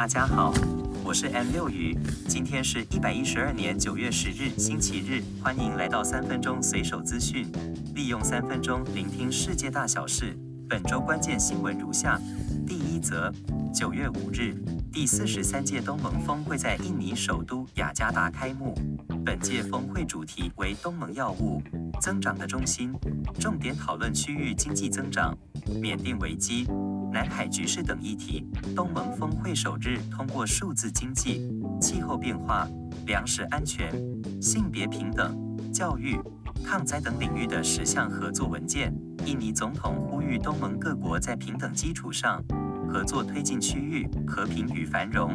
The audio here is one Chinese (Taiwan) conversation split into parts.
大家好，我是 M 六宇。今天是一百一十二年九月十日，星期日，歡迎來到三分鐘隨手資訊，利用三分鐘聆聽世界大小事。本周關鍵新聞如下：第一則，九月五日，第四十三屆東盟峰會在印尼首都雅加達開幕，本屆峰會主題為東盟藥物增長的中心，重點討論區域經濟增長、緬甸危機。南海局勢等議題，東盟峰會首日通過數字經濟、氣候變化、糧食安全、性別平等、教育、抗災等領域的十項合作文件。印尼總統呼籲東盟各國在平等基礎上合作，推進區域和平與繁榮，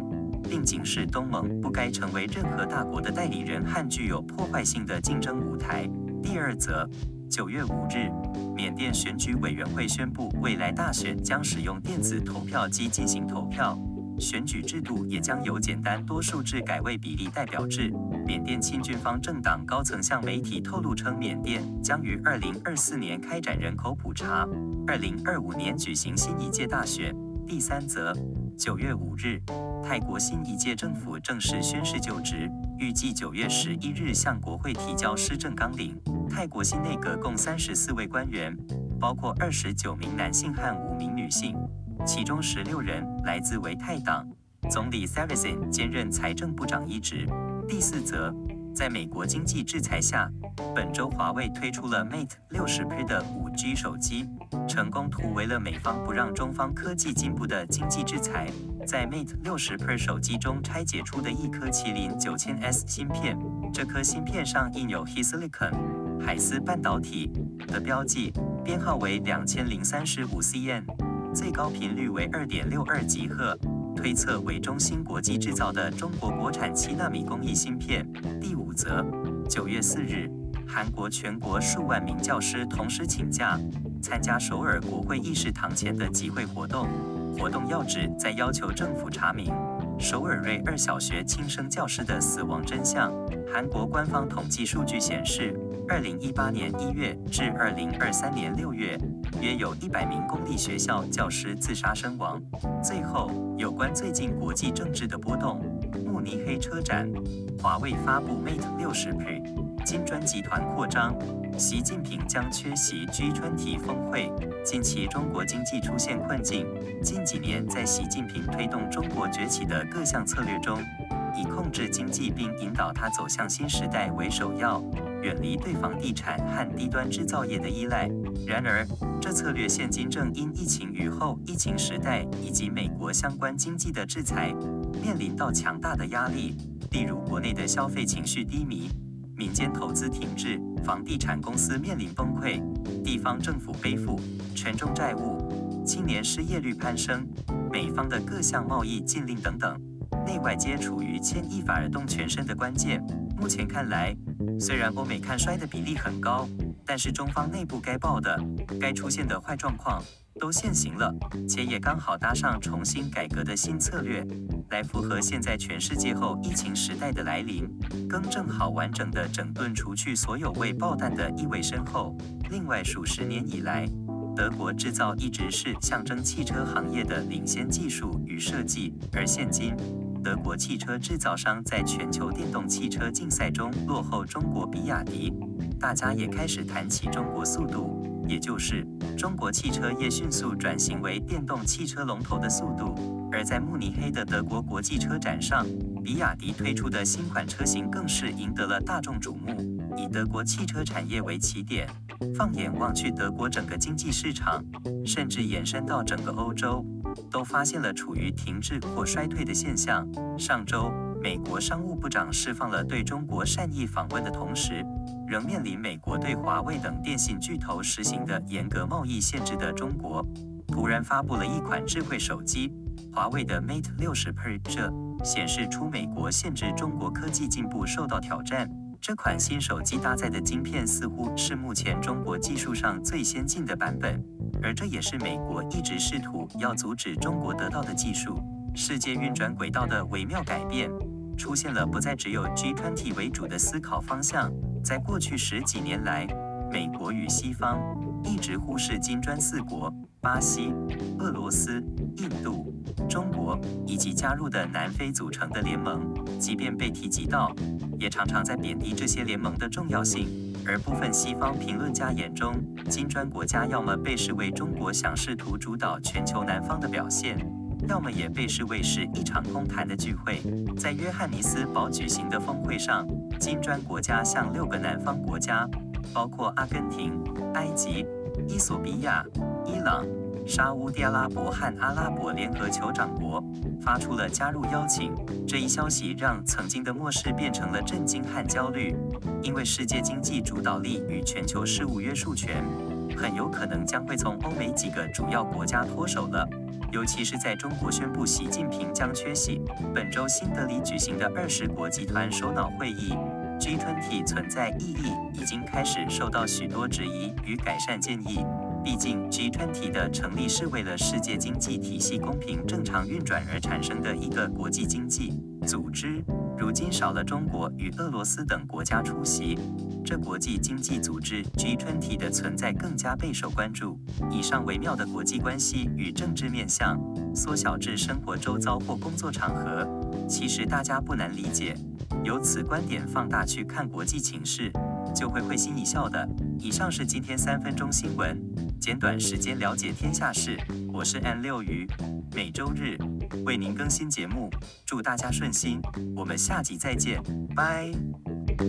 並警示東盟不該成為任何大國的代理人和具有破壞性的競爭舞台。第二則。九月五日，緬甸選舉委員會宣布，未來大選將使用電子投票機進行投票，選舉制度也將由簡單多數制改為比例代表制。緬甸親軍方政黨高層向媒體透露稱，緬甸將於二零二四年開展人口普查，二零二五年舉行新一屆大選。第三則，九月五日，泰國新一屆政府正式宣誓就職，預計九月十一日向國會提交施政綱領。泰國新內閣共三十四位官員，包括二十九名男性和五名女性，其中十六人來自為泰黨。總理 Sarasin 兼任財政部長一職。第四則。在美國經濟制裁下，本周華為推出了 Mate 60 Pro 的 5G 手機，成功突圍了美方不讓中方科技進步的經濟制裁。在 Mate 60 Pro 手機中拆解出的一顆麒麟 9000S 芯片，這顆芯片上印有 Hisilicon 海思半導體的標記，編號為 2035CN，最高頻率為 2.62GHz。推測為中芯國際製造的中國國產七納米工藝芯片。第五則，九月四日，韓國全國數萬名教師同時請假，參加首爾國會議事堂前的集會活動。活動要旨在要求政府查明首爾瑞二小學輕生教師的死亡真相。韓國官方統計數據顯示。二零一八年一月至二零二三年六月，約有一百名公立學校教師自殺身亡。最後，有關最近國際政治的波動：慕尼黑車展，華為發佈 Mate 60 Pro，金磚集團擴張，習近平將缺席 G20 峰會。近期中國經濟出現困境。近幾年，在習近平推動中國崛起的各項策略中，以控制經濟並引導它走向新時代為首要。遠離對房地產和低端製造業的依賴。然而，這策略現今正因疫情與後疫情時代以及美國相關經濟的制裁，面臨到強大的壓力。例如，國內的消費情緒低迷，民間投資停滯，房地產公司面臨崩潰，地方政府背負沉重債務，青年失業率攀升，美方的各項貿易禁令等等，內外皆處於牽一髮而動全身的關鍵。目前看來，雖然歐美看衰的比例很高，但是中方內部該爆的、該出現的壞狀況都現形了，且也剛好搭上重新改革的新策略，來符合現在全世界後疫情時代的來臨，更正好完整地整頓除去所有未爆彈的意味深厚。另外，數十年以來，德國製造一直是象徵汽車行業的領先技術與設計，而現今。德國汽車制造商在全球電動汽車競賽中落後中國比亞迪，大家也開始談起中國速度，也就是中國汽車業迅速轉型為電動汽車龍頭的速度。而在慕尼黑的德國國際車展上，比亞迪推出的新款車型更是贏得了大眾矚目。以德國汽車產業為起點，放眼望去，德國整個經濟市場，甚至延伸到整個歐洲。都發現了處於停滯或衰退的現象。上周，美國商務部長釋放了對中國善意訪問的同時，仍面臨美國對華為等電信巨頭實行的嚴格貿易限制的中國，突然發布了一款智慧手機——華為的 Mate 60 Pro，這顯示出美國限制中國科技進步受到挑戰。這款新手機搭載的晶片似乎是目前中國技術上最先進的版本，而這也是美國一直試圖要阻止中國得到的技術。世界運轉軌道的微妙改變，出現了不再只有 G20 為主的思考方向。在過去十幾年來，美國與西方。一直忽視金磚四國、巴西、俄羅斯、印度、中國以及加入的南非組成的聯盟，即便被提及到，也常常在貶低這些聯盟的重要性。而部分西方評論家眼中，金磚國家要麼被視為中國想試圖主導全球南方的表現，要麼也被視為是一場空談的聚會。在約翰尼斯堡舉行的峰會上，金磚國家向六個南方國家，包括阿根廷、埃及、伊索比亞、伊朗、沙烏地阿拉伯和阿拉伯聯合酋長國發出了加入邀請。這一消息讓曾經的漠視變成了震驚和焦慮，因為世界經濟主導力與全球事務約束權很有可能將會從歐美幾個主要國家脫手了。尤其是在中國宣布習近平將缺席本週新德里舉行的二十國集團首腦會議。G20 存在意義已經開始受到許多質疑與改善建議。畢竟，G20 的成立是為了世界經濟體系公平正常運轉而產生的一個國際經濟組織。如今少了中國與俄羅斯等國家出席，這國際經濟組織 G20 的存在更加備受關注。以上微妙的國際關係與政治面向，縮小至生活周遭或工作場合。其實大家不難理解，由此觀點放大去看國際情勢，就會會心一笑的。以上是今天三分鐘新聞，簡短時間了解天下事。我是 N 六魚，每周日為您更新節目，祝大家順心。我們下集再見，拜拜。